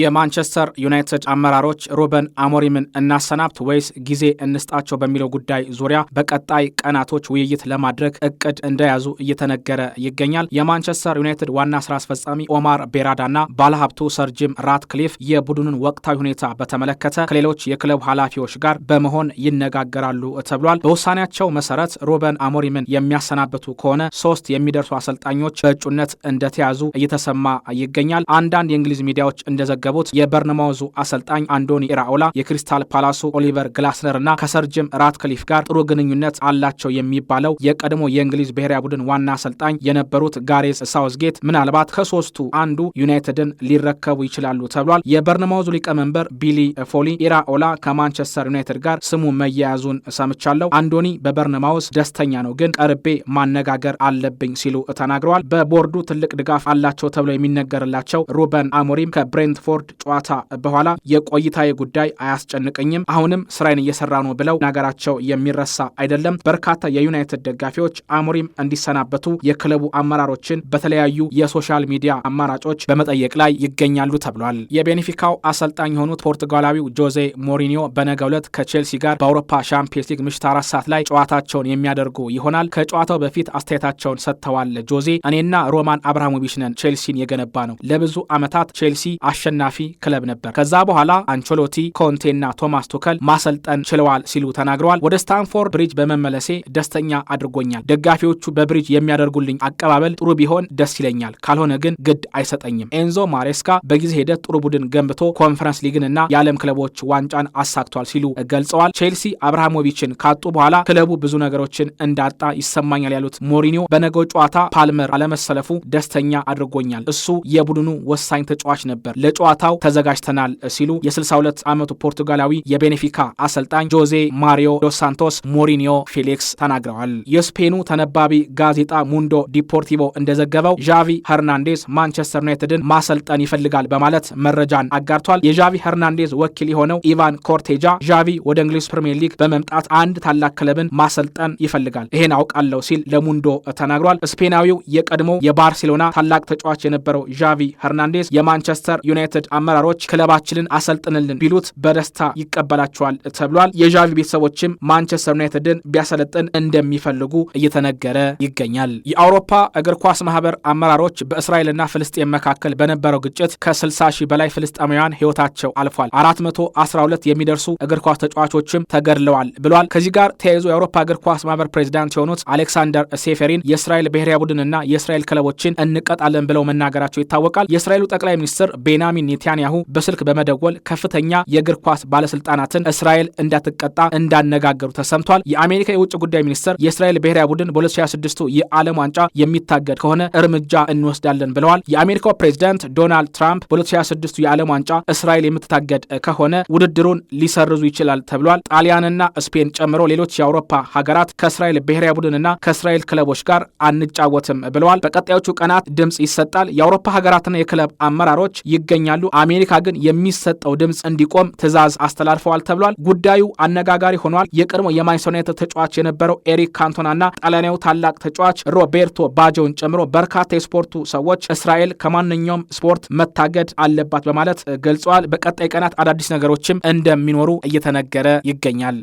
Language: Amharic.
የማንቸስተር ዩናይትድ አመራሮች ሩበን አሞሪምን እናሰናብት ወይስ ጊዜ እንስጣቸው በሚለው ጉዳይ ዙሪያ በቀጣይ ቀናቶች ውይይት ለማድረግ እቅድ እንደያዙ እየተነገረ ይገኛል። የማንቸስተር ዩናይትድ ዋና ስራ አስፈጻሚ ኦማር ቤራዳና ባለሀብቱ ሰር ጂም ራትክሊፍ የቡድኑን ወቅታዊ ሁኔታ በተመለከተ ከሌሎች የክለብ ኃላፊዎች ጋር በመሆን ይነጋገራሉ ተብሏል። በውሳኔያቸው መሰረት ሩበን አሞሪምን የሚያሰናብቱ ከሆነ ሶስት የሚደርሱ አሰልጣኞች በእጩነት እንደተያዙ እየተሰማ ይገኛል። አንዳንድ የእንግሊዝ ሚዲያዎች እንደዘ የተመዘገቡት የበርንማውዙ አሰልጣኝ አንዶኒ ኢራኦላ የክሪስታል ፓላሱ ኦሊቨር ግላስነር እና ከሰርጅም ራትክሊፍ ጋር ጥሩ ግንኙነት አላቸው የሚባለው የቀድሞ የእንግሊዝ ብሔራዊ ቡድን ዋና አሰልጣኝ የነበሩት ጋሬስ ሳውዝጌት ምናልባት ከሶስቱ አንዱ ዩናይትድን ሊረከቡ ይችላሉ ተብሏል። የበርንማውዙ ሊቀመንበር ቢሊ ፎሊ ኢራኦላ ከማንቸስተር ዩናይትድ ጋር ስሙ መያያዙን ሰምቻለሁ። አንዶኒ በበርንማውዝ ደስተኛ ነው፣ ግን ቀርቤ ማነጋገር አለብኝ ሲሉ ተናግረዋል። በቦርዱ ትልቅ ድጋፍ አላቸው ተብሎ የሚነገርላቸው ሩበን አሞሪም ከብሬንትፎ ቦርድ ጨዋታ በኋላ የቆይታዬ ጉዳይ አያስጨንቀኝም፣ አሁንም ስራዬን እየሰራ ነው ብለው ነገራቸው የሚረሳ አይደለም። በርካታ የዩናይትድ ደጋፊዎች አሞሪም እንዲሰናበቱ የክለቡ አመራሮችን በተለያዩ የሶሻል ሚዲያ አማራጮች በመጠየቅ ላይ ይገኛሉ ተብሏል። የቤኔፊካው አሰልጣኝ የሆኑት ፖርቱጋላዊው ጆዜ ሞሪኒዮ በነገ ዕለት ከቼልሲ ጋር በአውሮፓ ሻምፒየንስ ሊግ ምሽት አራት ሰዓት ላይ ጨዋታቸውን የሚያደርጉ ይሆናል። ከጨዋታው በፊት አስተያየታቸውን ሰጥተዋል። ጆዜ እኔና ሮማን አብርሃሞቪች ነን ቼልሲን የገነባ ነው። ለብዙ ዓመታት ቼልሲ አሸ አሸናፊ ክለብ ነበር። ከዛ በኋላ አንቸሎቲ ኮንቴና ቶማስ ቱከል ማሰልጠን ችለዋል ሲሉ ተናግረዋል። ወደ ስታንፎርድ ብሪጅ በመመለሴ ደስተኛ አድርጎኛል። ደጋፊዎቹ በብሪጅ የሚያደርጉልኝ አቀባበል ጥሩ ቢሆን ደስ ይለኛል፣ ካልሆነ ግን ግድ አይሰጠኝም። ኤንዞ ማሬስካ በጊዜ ሂደት ጥሩ ቡድን ገንብቶ ኮንፈረንስ ሊግንና የዓለም ክለቦች ዋንጫን አሳክቷል ሲሉ ገልጸዋል። ቼልሲ አብርሃሞቪችን ካጡ በኋላ ክለቡ ብዙ ነገሮችን እንዳጣ ይሰማኛል ያሉት ሞሪኒዮ በነገው ጨዋታ ፓልመር አለመሰለፉ ደስተኛ አድርጎኛል። እሱ የቡድኑ ወሳኝ ተጫዋች ነበር ለጨ ለጨዋታው ተዘጋጅተናል ሲሉ የ62 ዓመቱ ፖርቱጋላዊ የቤኔፊካ አሰልጣኝ ጆዜ ማሪዮ ዶስ ሳንቶስ ሞሪኒዮ ፌሊክስ ተናግረዋል። የስፔኑ ተነባቢ ጋዜጣ ሙንዶ ዲፖርቲቮ እንደዘገበው ዣቪ ሄርናንዴዝ ማንቸስተር ዩናይትድን ማሰልጠን ይፈልጋል በማለት መረጃን አጋርቷል። የዣቪ ሄርናንዴዝ ወኪል የሆነው ኢቫን ኮርቴጃ ዣቪ ወደ እንግሊዝ ፕሪምየር ሊግ በመምጣት አንድ ታላቅ ክለብን ማሰልጠን ይፈልጋል፣ ይሄን አውቃለሁ ሲል ለሙንዶ ተናግሯል። ስፔናዊው የቀድሞ የባርሴሎና ታላቅ ተጫዋች የነበረው ዣቪ ሄርናንዴዝ የማንቸስተር ዩናይትድ ዩናይትድ አመራሮች ክለባችንን አሰልጥንልን ቢሉት በደስታ ይቀበላቸዋል ተብሏል። የዣቪ ቤተሰቦችም ማንቸስተር ዩናይትድን ቢያሰለጥን እንደሚፈልጉ እየተነገረ ይገኛል። የአውሮፓ እግር ኳስ ማህበር አመራሮች በእስራኤልና ፍልስጤን መካከል በነበረው ግጭት ከ60 ሺህ በላይ ፍልስጤማውያን ህይወታቸው አልፏል፣ 412 የሚደርሱ እግር ኳስ ተጫዋቾችም ተገድለዋል ብሏል። ከዚህ ጋር ተያይዞ የአውሮፓ እግር ኳስ ማህበር ፕሬዚዳንት የሆኑት አሌክሳንደር ሴፌሪን የእስራኤል ብሔራዊ ቡድንና የእስራኤል ክለቦችን እንቀጣለን ብለው መናገራቸው ይታወቃል። የእስራኤሉ ጠቅላይ ሚኒስትር ቤንያሚን ኔታንያሁ በስልክ በመደወል ከፍተኛ የእግር ኳስ ባለስልጣናትን እስራኤል እንዳትቀጣ እንዳነጋገሩ ተሰምቷል። የአሜሪካ የውጭ ጉዳይ ሚኒስትር የእስራኤል ብሔራዊ ቡድን በ2026 የዓለም ዋንጫ የሚታገድ ከሆነ እርምጃ እንወስዳለን ብለዋል። የአሜሪካው ፕሬዚዳንት ዶናልድ ትራምፕ በ2026 የዓለም ዋንጫ እስራኤል የምትታገድ ከሆነ ውድድሩን ሊሰርዙ ይችላል ተብሏል። ጣሊያንና ስፔን ጨምሮ ሌሎች የአውሮፓ ሀገራት ከእስራኤል ብሔራዊ ቡድንና ከእስራኤል ክለቦች ጋር አንጫወትም ብለዋል። በቀጣዮቹ ቀናት ድምፅ ይሰጣል። የአውሮፓ ሀገራትና የክለብ አመራሮች ይገኛል ይገኛሉ። አሜሪካ ግን የሚሰጠው ድምፅ እንዲቆም ትዕዛዝ አስተላልፈዋል ተብሏል። ጉዳዩ አነጋጋሪ ሆኗል። የቀድሞ የማንቸስተር ዩናይትድ ተጫዋች የነበረው ኤሪክ ካንቶናና ጣሊያናዊ ታላቅ ተጫዋች ሮቤርቶ ባጆን ጨምሮ በርካታ የስፖርቱ ሰዎች እስራኤል ከማንኛውም ስፖርት መታገድ አለባት በማለት ገልጸዋል። በቀጣይ ቀናት አዳዲስ ነገሮችም እንደሚኖሩ እየተነገረ ይገኛል።